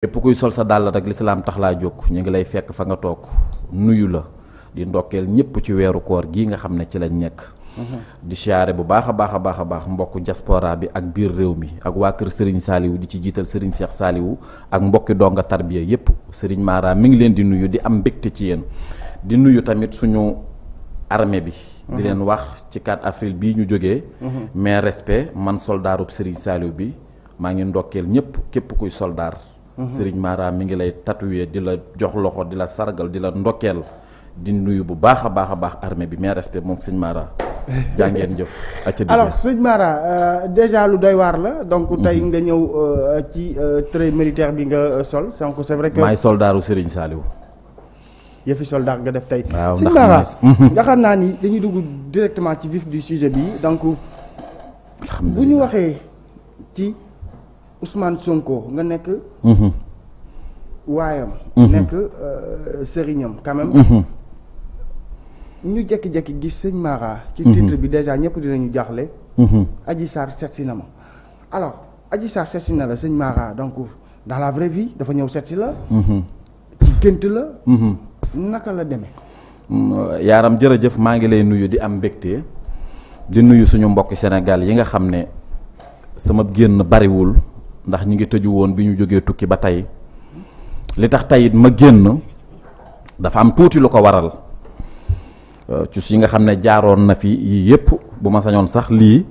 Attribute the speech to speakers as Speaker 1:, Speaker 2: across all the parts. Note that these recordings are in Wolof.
Speaker 1: képp kuy sol sa dàll rek lislaam tax laa jóg ñu ngi lay fekk fa nga toog nuyu la di ndokkeel ñëpp ci weeru koor gii nga xam ne ci lañ nekk mm-hmm. di siyaare bu baax a baax a baax a baax mbokk diaspora bi ak biir réew mi ak waa kër sëriñ saaliw di ci jiital Serigne Cheikh Saliou ak mbokki donga tarbiya yëpp Serigne Mara mi ngi leen di nuyu di am mbégte ci yenn di nuyu tamit suñu armée bi di leen mm-hmm. wax ci 4 avril bii ñu jógee mm-hmm. mais respect man soldaarub Serigne Saliou bi maa ngi ndokkeel ñëpp képp kuy soldaar Mm-hmm. sëriñ Mara mi ngi lay tatoué di la jox loxo di la sargal di la ndokkeel di nuyu bu baax a baax a baax armée bi mais respect moom sëñ Mara. jàngeen jëf. alors
Speaker 2: sëñ Mara euh, déjà lu doy waar la donc mm-hmm. tey nga ñëw euh, ci euh, trait militaire bi nga sol donc c'est vrai que. maay
Speaker 1: soldaaru Serigne Saliou.
Speaker 2: yëfi soldat nga def tey. waaw sëñ Mara mm-hmm. nga xam naa ni dañuy dugg directement ci vif du sujet bi donc. bu ñu waxee ci. Ousmane Sonko nga nekk. Mhm. waayam. Mhm. nekk euh, sëriñam quand même. Mhm. ñu jékki-jékki gis sëñ Mara. ci titre bi déjà ñëpp dinañu jaaxle. Adji Sarr seet si na ma alors Adji Sarr seet si na la sëñ Mara donc dans la vraie dafa ñëw seet la. ci gént la. naka la demee.
Speaker 1: Mm, yaaram jërëjëf maa ngi lay nuyu di am mbégte di nuyu suñu mbokk Sénégal yi nga xam ne sama génn bariwul. ndax ñi ngi tëju woon bi ñu jógee tukki ba tey li tax tey ma génn dafa am tuuti lu ko waral euh, ci yi nga xam ne jaaroon na fi yii yépp bu ma sañoon sax lii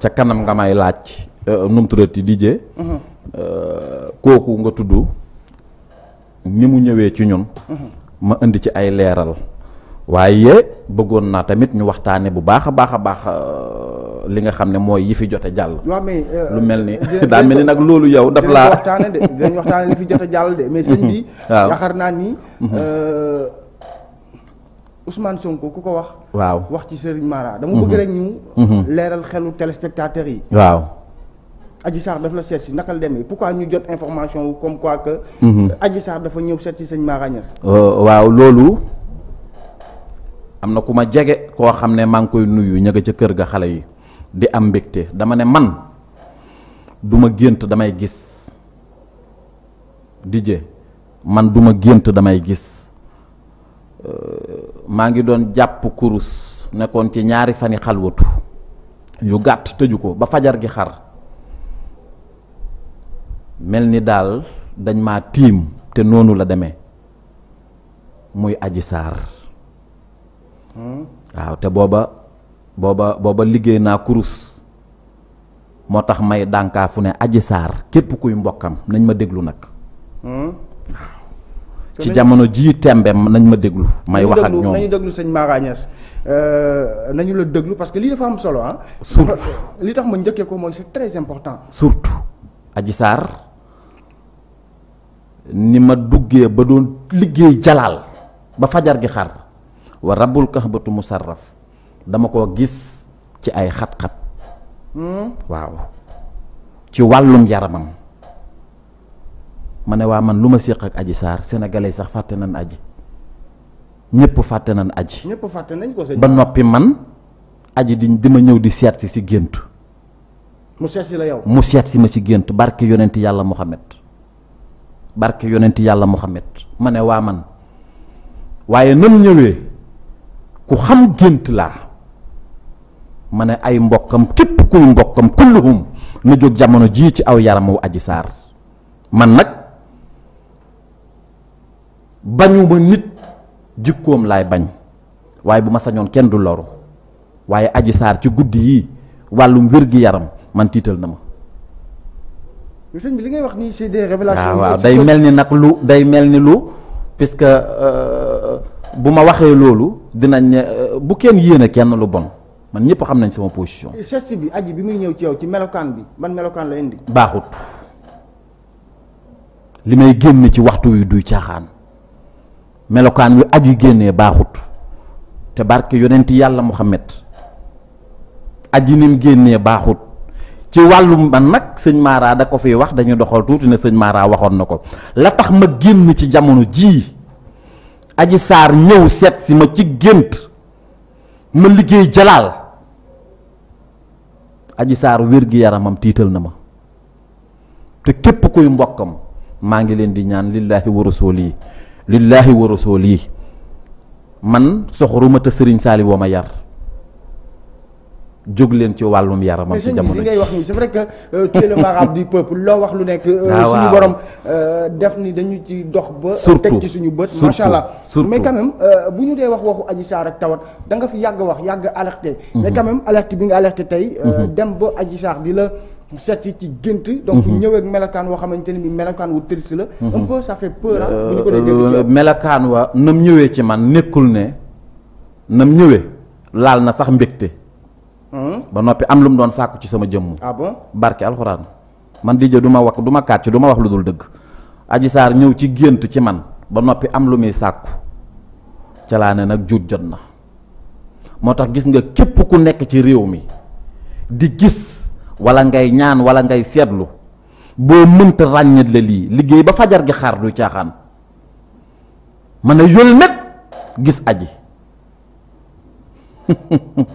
Speaker 1: ca kanam nga may laaj euh, nu mu tuddati dijee mhm. euh, kooku nga tudd ni mu ñëwee ci ñun mhm. ma indi ci ay leeral waaye bëggoon naa tamit ñu waxtaane bu baax a baax a baax li nga xam ne mooy yi fi jote jàll. waaw mais euh, lu mel ni daa mel ni nag loolu yow. daf laa waxtaane
Speaker 2: de dinañ waxtaane li fi jote jàll de mais sëñ bi. waaw naa nii mhm. euh, Ousmane Sonko ku ko wax. waaw wax ci sëriñ Mara. dama bëgg mhm. rek ñu. Mhm. leeral xelu téléspectateur yi. waaw. Adji Sarr daf la seet si naka la demee pourquoi ñu jot information wu comme quoi que. Adji dafa ñëw seet si sëñ Mara Niass.
Speaker 1: Euh, waaw loolu. am na ku ma jege koo xam ne maa ngi koy nuyu ña ca kër ga xale yi di am mbégte dama ne man duma ma gént damay gis Didier man duma ma gént damay gis euh, maa ngi doon jàpp kurus nekkoon ci ñaari fani xalwatu yu gàtt tëju ko ba fajar gi xar mel ni daal dañ ma tiim te noonu la deme muy aji saar hmm? waaw te booba booba booba liggéey naa kurus moo tax may dànkaa fu ne aji saar képp kuy mbokkam nañ ma déglu nag hmm? ci jamono jii tembe nañ ma déglu may wax ak ñoom nañu déglu
Speaker 2: sëñ Mara Niass euh, nañu la déglu parce que li dafa am solo ah surtout li tax ma njëkkee ko mooy c'est très important
Speaker 1: surtout aji saar ni ma duggee ba doon liggéey jalaal ba fajar gi xar wa rabbul kaxbatu musarraf dama koo gis ci ay xat-xat hmm? waaw ci wàllum yaramam ma ne waa man lu ma séq ak aji saar sénégalais sax fàtte nañ aji ñëpp fàtte nañ aji ñëpp
Speaker 2: fàtte nañ ko ba noppi
Speaker 1: man aji di dima ñëw di seet si gént
Speaker 2: mu seet la yow
Speaker 1: mu seet si ma si gént barke yonent yàlla Muhammad barke yonent yàlla Muhammad ma ne waa man waaye nam ñëwee ku xam gént laa ma ne ay mbokkam képp kuy mbokkam kulluhum na jóg jamono jii ci aw yaramu aji saar man nag bañuma nit jikkoom laay bañ waaye bu ma sañoon kenn du loru waaye aji saar ci guddi yi wàllum wér-gi-yaram man tiital na ma
Speaker 2: sëñ li ngay wax nii c'est des révélations ah, waaw day mel
Speaker 1: ni nag lu day mel ni lu puisque euh, bu ma waxee loolu dinañ euh, bu kenn yéene kenn lu bon man ñëpp xam nañ sama position.
Speaker 2: Eh, charte bi aji bi muy ñëw ci yow ci melokaan bi man melokaan la indi.
Speaker 1: baaxut li may génn ci waxtu wi duy caaxaan melokaan wi aji génnee baaxut te barke yonent yàlla Muhammad aji nim génnee baaxut ci wàllum man nag sëñ Mara da ko fiy wax dañu doxal tuuti na sëñ maaraa waxoon na ko la tax ma génn ci jamono jii aji saar ñëw seet si ma ci gént ma liggéey jalaal aji saar wér-gi-yaramam tiital na ma te képp kuy mbokkam maa ngi leen di ñaan lillaahi wa rasuuli lillaahi wa rasuuli man soxoruma te sëriñ saali woo ma yar jóg leen ci wàllum yaramam ci jamono li ngay wax
Speaker 2: nii c'est vrai que euh, tu es le marabout loo wax lu nekk euh, ah, suñu borom euh, def ni dañu ci dox ba teg ci suñu bët macha allah mais quand même bu ñu dee wax waxu Adji Sarr ak tawat danga fi yàgg wax yàgg alerté mhm. mais quand même bi nga alerté tey mhm. dem ba Adji Sarr di la seet si ci gént donc mhm. ñëw melokaan melakaan woo xamante ni bi melakaan wu triste la un peu ça peur ah bu ñu ko dee
Speaker 1: melakaan wa nam ñëwee ci man nekkul ne nam ñëwee laal na sax mbégte ba noppi am lu mu doon sàkku ci sama jëmm. ah barke alxuraan man di jë du wax du ma kàcc du ma wax lu dul dëgg. aji saar ñëw ci gént ci man ba noppi am lu muy sàkku ca laa nag juut jot na moo tax gis nga képp ku nekk ci réew mi di gis walla ngay ñaan wala ngay seetlu boo mënta ràññat la lii liggéey ba fajar gi xaar du caaxaan mën a yëlmet gis aji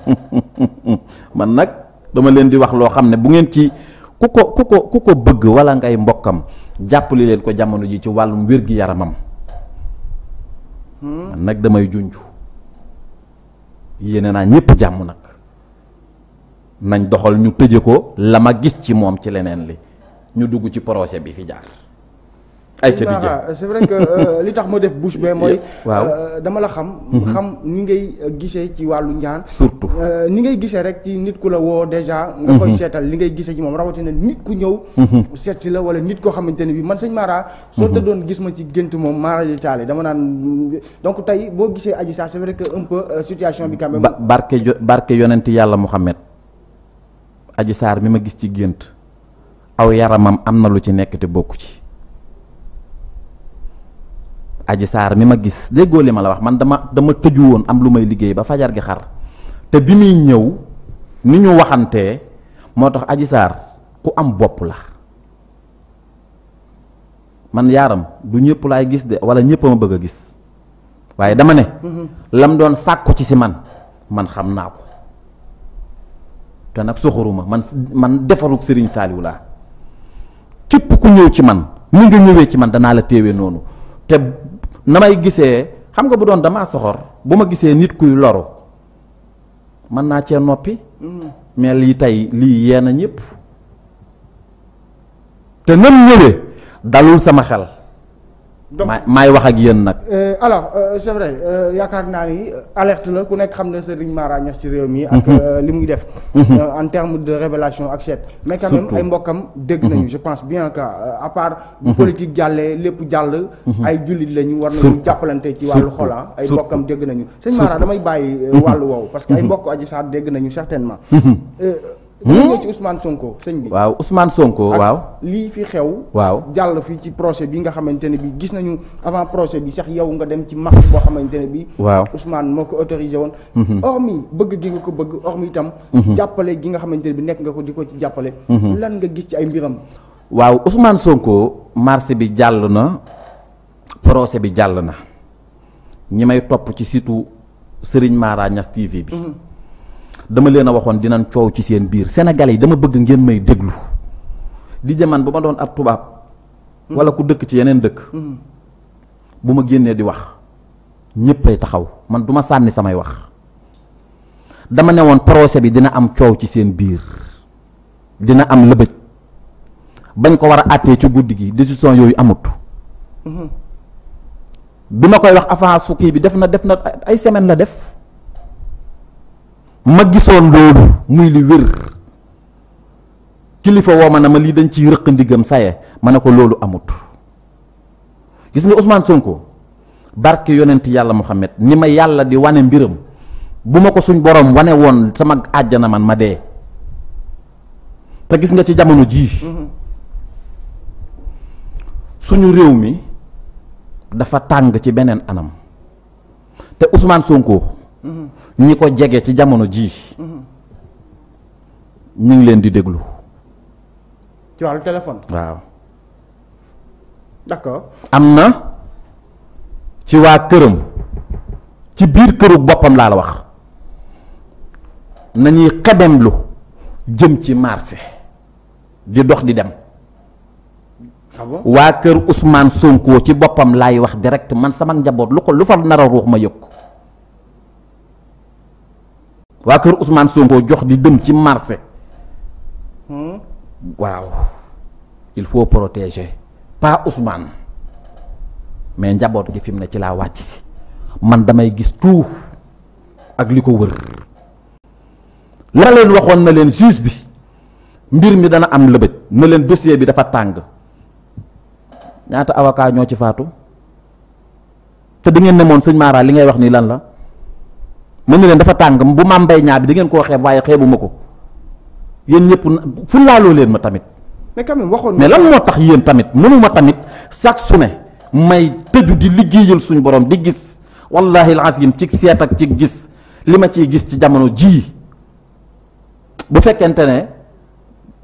Speaker 1: man nag dama leen di wax loo xam ne bu ngeen ci ku ko ku ko ku ko bëgg wala ngay mbokkam jàppale leen ko jamono ji ci wàllum wér-gi-yaramam hmm? man nag damay junju yéene naa ñëpp jàmm nag nañ doxal ñu tëje ko la ma gis ci moom ci leneen li ñu dugg ci projet bi fi jaar ay ca di
Speaker 2: c'est vrai que euh, li tax ma def bouche bee mooy. Euh, dama la xam. Mhm. xam ni ngay euh, gisee ci wàllu njaan surtout ni ngay gisee rek ci nit ku la woo déjà. nga mhm. koy seetal li ngay gisee ci moom rawatina nit ku ñëw. Mhm. seet si la wala nit koo xamante ne bii man sañ Mara. soo te doon gis ma ci gént moom Mara di taale dama naan donc tey boo gisee Adji Sarr c'est vrai que un peu situation bi. quand même
Speaker 1: barke jo barke yonent yàlla Muhammad Adji Sarr mi ma gis ci gént aw am na lu ci nekk te bokku ci. aji saar mi ma gis déggoo li ma la wax man dama dama tëju woon am lu may liggéey ba fajar gi xar te bi muy ñëw ni ñu waxante moo tax aji saar ku am bopp la man yaaram du ñëpp laay gis de wala ñëpp ma bëgg a gis waaye dama ne lam doon sàkku ci si man man xam naa ko te nag soxoruma man man defarug Serigne Saliou laa képp ku ñëw ci man ni nga ñëwee ci man danaa la téewee noonu te na may gisee xam nga bu doon damaa soxor bu ma gisee nit kuy loru mën naa cee noppi. mais lii tey lii yee na ñëpp. te nam ñëwee dalul sama xel. donc maay wax ak yéen nag.
Speaker 2: Euh, alors euh, c'est vrai euh, yaakaar naa ni euh, alerte la ku nekk xam ne Serigne Mara Niass ci réew mi. ak mhm. li muy def. Mhm. en terme de révélation ak seet. mais quand ay mbokkam dégg nañu mhm. je pense bien que à part. politique jàllee lépp jàll. ay jullit lañu war nañu jàppalante ci wàllu xola ay mbokkam dégg nañu. sëñ Mara damay bàyyi wàllu woowu parce que ay mbokk aji sax dégg nañu certainement. ñëw hmm? ci Ousmane Sonko sëñ bi. waaw
Speaker 1: Ousmane Sonko waaw.
Speaker 2: lii fi xew. waaw jàll fii ci procès bi nga xamante ne bi gis nañu avant procès bi sax yow nga dem ci max boo xamante ne bi waaw Ousmane moo ko autorisé woon. Mhm. hormis bëgg gi ko bëgg hormis itam. Mhm. jàppale gi nga xamante ne bi nekk nga ko di ko ci jàppale. Mhm. lan nga gis ci ay mbiram.
Speaker 1: waaw Ousmane Sonko marché bi jàll na procès bi jàll na ñi may topp ci surtout sëriñ Mara TV bi. dama leen a waxoon dinañ coow ci seen biir senegal yi dama bëgg ngeen may déglu di jaman bu ma doon ab tubaab. wala ku dëkk ci yeneen dëkk. bu ma génnee di wax ñëppay taxaw man duma sànni samay wax dama ne woon procès bi dina am coow ci seen biir dina am lëbëj bañ ko war a àttee ci guddi gi décision yooyu amut. Mhm. bi ma koy wax avant su bi def na def na ay semaine la def. ma gisoon loolu muy li wér kilifa woo ma lii dañ ciy rëq ndiggam saye ma ne ko loolu amut gis nga usmaan Sonko barke yonent yàlla Muhammad ni ma yàlla di wane mbiram bu ma ko suñ borom wane woon sama àjjana man ma dee te gis nga ci jamono jii suñu réew mi dafa tàng ci beneen anam te Ousmane Sonko. Mhm. ñi ko jege ci jamono jii. ñu ngi leen di déglu.
Speaker 2: ci wàllu téléphone.
Speaker 1: waaw. am na ci waa këram ci biir këru boppam laa la wax nañuy xedem lu jëm ci marché di dox di dem. Ah waa kër Ousmane Sonko ci boppam laay wax direct man sama njaboot lu ko lu fa nar a ruux ma yëg. waa kër Ousmane Sonko jox di dem ci marché hmm? waaw il faut protéger pas Ousmane mais njaboot gi fi mu ne ci laa wàcc si man damay gis tout ak li ko wër la leen waxoon na leen juge bi mbir mi dana am lëbëj na leen dossier bi dafa tàng ñaata avocat ñoo ci faatu te da ngeen ne moon sëñ Mara li ngay wax ni lan la mën na leen dafa tàng bu maam mbay ñaa bi da ngeen koo xeeb waaye ma ko yéen ñëpp fu laaloo leen ma tamit.
Speaker 2: mais waxoon mais lan moo
Speaker 1: tax yéen tamit mënuma tamit chaque su may tëju di liggéeyal suñu borom di gis wallahi alazim ci seet ak ci gis li ma ciy gis ci jamono jii bu fekkente ne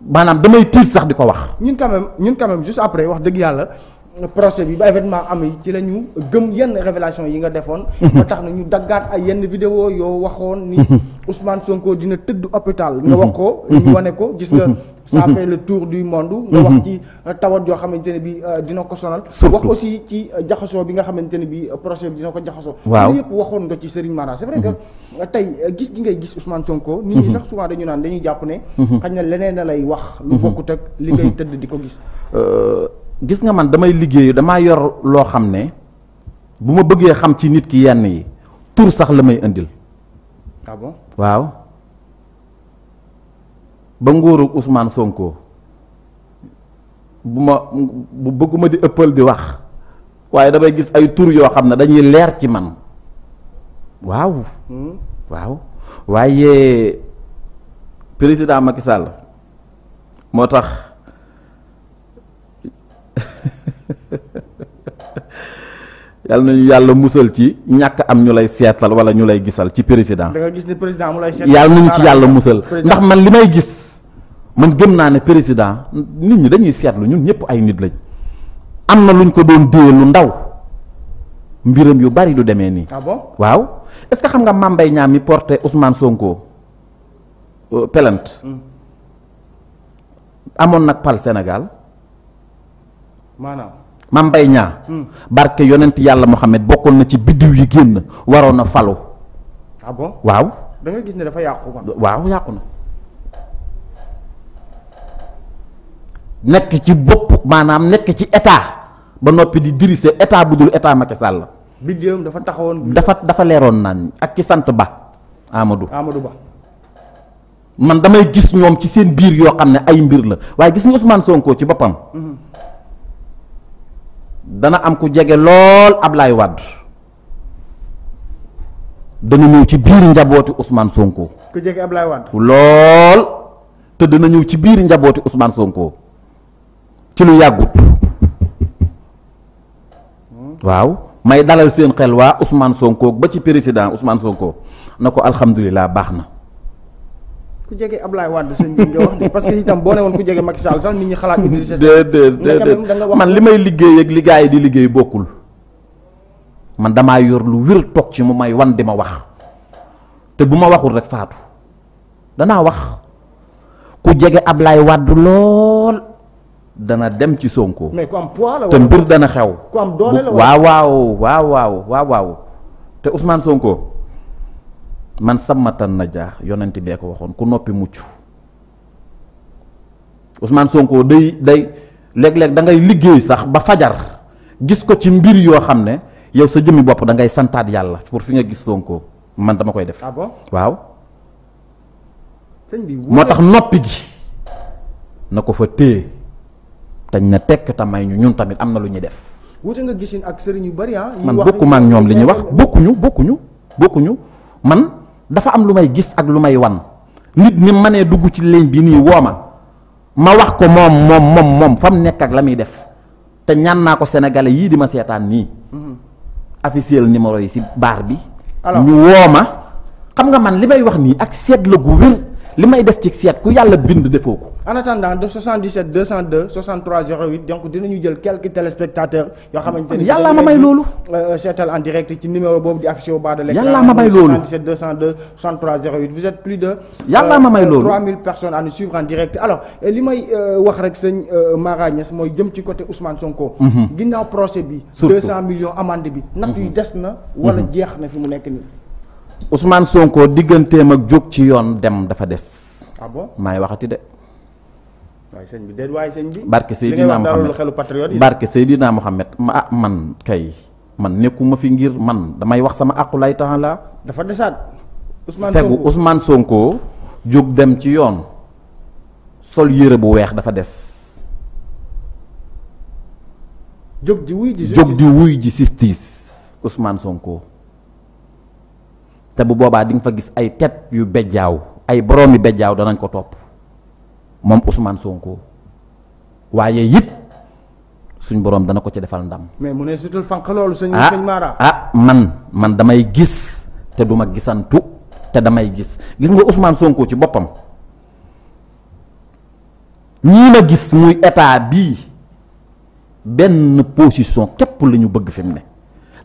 Speaker 1: maanaam damay tiit sax di ko wax.
Speaker 2: ñun quand ñun quand même après wax dëgg yàlla. procès bi ba événement am ci la ñu gëm yenn révélation yi nga defoon ba tax na ñu daggaat ay yenn vidéo yoo waxoon ni Ousmane Sonko dina tëdd hôpital nga wax ko ñu ne ko gis nga ça fait le tour du monde nga wax ci euh, tawat yoo xamante ne bi euh, dina ko sonal wax aussi ci euh, jaxasoo bi nga xamante ne bi procès bi dina ko jaxasoo lu yëpp waxoon nga ci Serigne Mara c'est vrai que tey gis gi ngay gis Ousmane Sonko nit ñi sax souvent dañu naan dañuy jàpp ne xañ na leneen a lay wax lu bokkut ak li ngay tëdd di ko gis
Speaker 1: gis nga man damay liggéeyu damaa yor loo xam ne bu ma bëggee xam ci nit ki yenn yi tur sax la may indil. ah waaw. ba nguuru Ousmane Sonko bu ma bu bëgguma di ëppal di wax waaye damay gis ay tur yoo xam ne dañuy leer ci man waaw. Hmm? waaw waaye président Macky Sall moo tax. yàlla nañu yàlla musal ci ñàkk am ñu lay seetal wala ñu lay gisal ci président. da
Speaker 2: nga gis ne président mu lay seetal yàlla nañu ci yàlla musal ndax man li may
Speaker 1: gis man gëm naa ne président nit ñi dañuy seetlu ñun ñëpp ay nit lañ am na luñ ko doon déye lu ndaw mbiram yu bari du demee nii. ah waaw est-ce que xam nga Mame Mbaye Niang mi porté Ousmane Sonko euh, plainte mm. amoon nag pal Sénégal. maanaam Mame Mbaye Niang hmm. barke yonent yàlla Muhammad bokkoon na ci biddiw yi génn waroon a falu ah bon waaw
Speaker 2: dangay gis ne dafa yàqu waaw
Speaker 1: yàqu na nekk ci bopp maanaam nekk ci état ba noppi di dirigé état bu dul état ma Sall la
Speaker 2: biddiwam dafa taxawoon dafa
Speaker 1: dafa leeroon naan ak ki sant Ba amadu Amadou man damay gis ñoom ci seen biir yoo xam ne ay mbir la waaye gis nga Ousmane Sonko ci boppam hmm. dana am ku jege lool Ablaye Wade dana ñëw ci biir njabooti usmaan Sonko. ku jege Ablaye Wade. lool te dana ñëw ci biir njabooti Ousmane Sonko ci lu yàggut waaw may dalal seen xel waa Ousmane Sonko ba ci président Ousmane Sonko na ko alhamdulilah baax na.
Speaker 2: ku jege Ablaye Wade sëñ bi nga wax de parce que itam boo ne woon ku jege Macky Sall sax nit ñi xalaat. Idrissa Seck
Speaker 1: déedéet man li may liggéey ak li gars liggéey bokkul man damaa yor lu wér toog ci mu may wan di ma wax te bu ma waxul rek faatu danaa wax ku jege Ablaye Wade lool dana dem ci Sonko.
Speaker 2: mais ku te mbir
Speaker 1: dana xew. ku
Speaker 2: am doole la waaw
Speaker 1: waaw waaw waaw te Ousmane Sonko. man sàmmatan na jaa yonent bee ko waxoon ku noppi mucc Ousmane Sonko day day léeg-léeg da ngay liggéey sax ba fajar gis ko ci mbir yoo xam ne yow sa jëmmi bopp dangay santaat yàlla pour fi nga gis Sonko man dama koy def. Ah waaw.
Speaker 2: sëñ moo tax noppi
Speaker 1: gi na ko fa téye tañ na tekk te may ñu ñun tamit am na lu ñuy def.
Speaker 2: wuute nga gis ak sëriñ yu bari ah. man bokkuma ñoom li ñuy wax
Speaker 1: bokkuñu bokkuñu bokkuñu man. dafa am lu may gis ak lu may wan nit ni ma nee dugg ci ligne bi nii woo ma ma wax ko moom moom moom fa mu nekk ak la muy def te ñaan naa ko sénégalais yii di ma seetaan nii. Mm-hmm. officiel numéro yi si baar bi. ñu woo ma xam nga man li may wax nii ak seet la gu wér. li may def ci seet ku yàlla bind defoo ko.
Speaker 2: en attendant de 77 202 63 08 donc dinañu jël quelques téléspectateurs. yoo xamante ne ah, yàllaa ma may loolu. Euh, seetal en direct ci numéro boobu di affiché au bas de l'écran. yàllaa ma may loolu 77 202 63 08 vous êtes plus de. yàllaa ma may euh, loolu personnes à suivre en direct alors euh, li may wax rek sañ Mara Niass mooy jëm ci côté Ousmane Sonko. Mhm. ginnaaw procès bi. surtout 200 millions amande bi. natt yi des na. wala mhm. jeex na fi mu nekk nii.
Speaker 1: Ousmane sonkoo digganteem ak jóg ci yoon dem dafa des. ah bon maay waxati de.
Speaker 2: waaye sëñ bi déet waaye sëñ bi. barke Seydina Mohamed barke
Speaker 1: Seydina Mohamed ma ah man kay man nekkuma fi ngir man damay wax sama àqu lay temps la dafa desaat. Ousmane Sonko fegu Ousmane Sonko jóg dem ci yoon sol yére bu weex dafa des. jóg di wuy ji justice jóg di Sonko. te bu boobaa di fa gis ay tet yu bejjaaw ay boroomi bejjaaw danañ ko topp moom Ousmane Sonko waaye it suñ boroom dana ko ci defal ndam.
Speaker 2: mais mu ne sutul fànq loolu sëñ ah, sëñ Mara
Speaker 1: ah man man damay gis te duma gisantu te damay gis gis nga usmaan Sonko ci boppam ñii ma gis muy état bii benn position képp la ñu bëgg fi ne.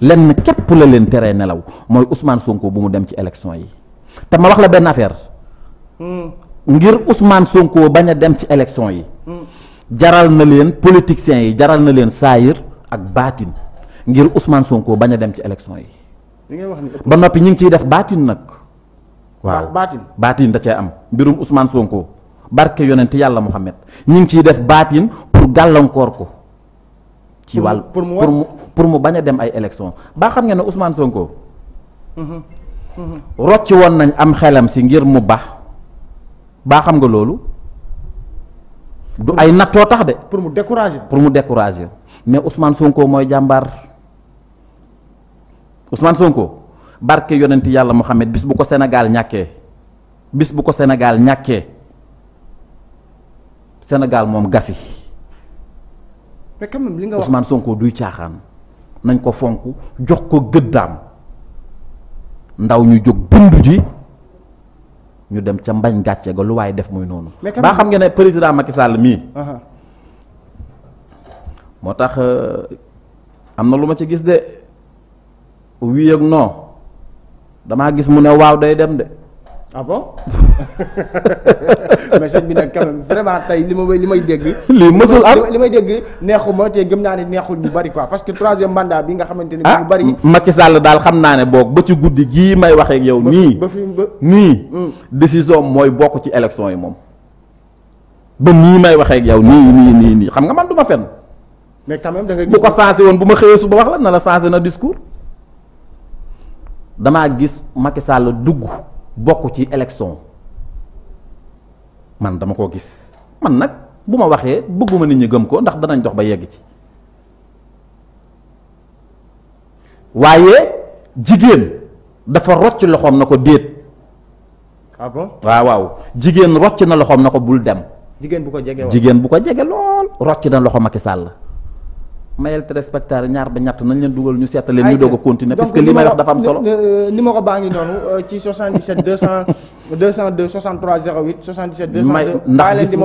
Speaker 1: lenn képp la leen teree nelaw mooy Ousmane Sonko bu mu dem ci élection yi te ma wax la benn affaire hmm. ngir Ousmane Sonko bañ a dem ci élection yi hmm. jaral na leen politiciens yi jaral na leen saayir ak baatin ngir Ousmane Sonko bañ a dem ci élection yi. ba noppi ñu ngi ciy def baatin nag. waaw baatin baatin da cee am mbirum usmaan Sonko barke yonent yàlla Muhammad ñu ngi ciy def baatin pour gàllankoor ko. ci wàll pour mu pour mu bañ a dem ay élection baa xam nga ne usmaan Sonko. rocci woon nañ am xelam si ngir mu baax baa xam nga loolu. du ay nattoo tax de. pour mu décourager. pour mu décourager mais usmaan Sonko mooy jàmbaar Ousmane Sonko barke yonenti yàlla Mouhamed bis bu ko Sénégal ñàkkee bis bu ko Sénégal ñàkkee Sénégal moom gasi. mais li nga Sonko duy caaxaan. nañ ko fonk jox ko gëddaam ndaw ñu jóg bindu ji ñu dem ca mbañ gàcce ga lu waaye def mooy noonu. baa xam nga ne président Macky Sall mii. Uh-huh. moo tax euh, am na lu ma ci gis de wii ak non damaa gis mu ne waaw day dem de.
Speaker 2: Ah mais sëñ bi nag quand tey li ma li may dégg. li mësul li may dégg neexuma te gëm naa ne neexul ñu bari quoi parce que troisième mandat bi nga xamante ne. ñu bari
Speaker 1: ah, Macky Sall daal xam naa ne boog ba ci guddi gii may waxee ak yow. nii ba fi ba nii. Hmm. décision mooy bokk ci élection yi moom. ba nii may waxee yow nii nii nii xam nga man du ma fenn. mais quand même da nga bu ko sensé woon bu ma xëyee suba wax la na la sensé na discours. damaa gis Macky Sall dugg bokk ci élection. man dama koo gis man nag bu ma waxee bëgguma nit ñi gëm ko ndax danañ dox ba yegg ci waaye jigéen dafa rocc loxoom na ko déet. ah bon waaw waaw jigéen rocc na loxoom na ko bul dem. jigéen bu ko jege woon bu ko jege lool. rocc na loxo Macky Sall la mayel téléspectateur ñaar ba ñett nañ leen dugal ñu seetaleen ñu doog a continuer. parce que li may wax dafa am solo ngi noonu euh, ci
Speaker 2: 77 200. 202 63 08 77. 202 may ndax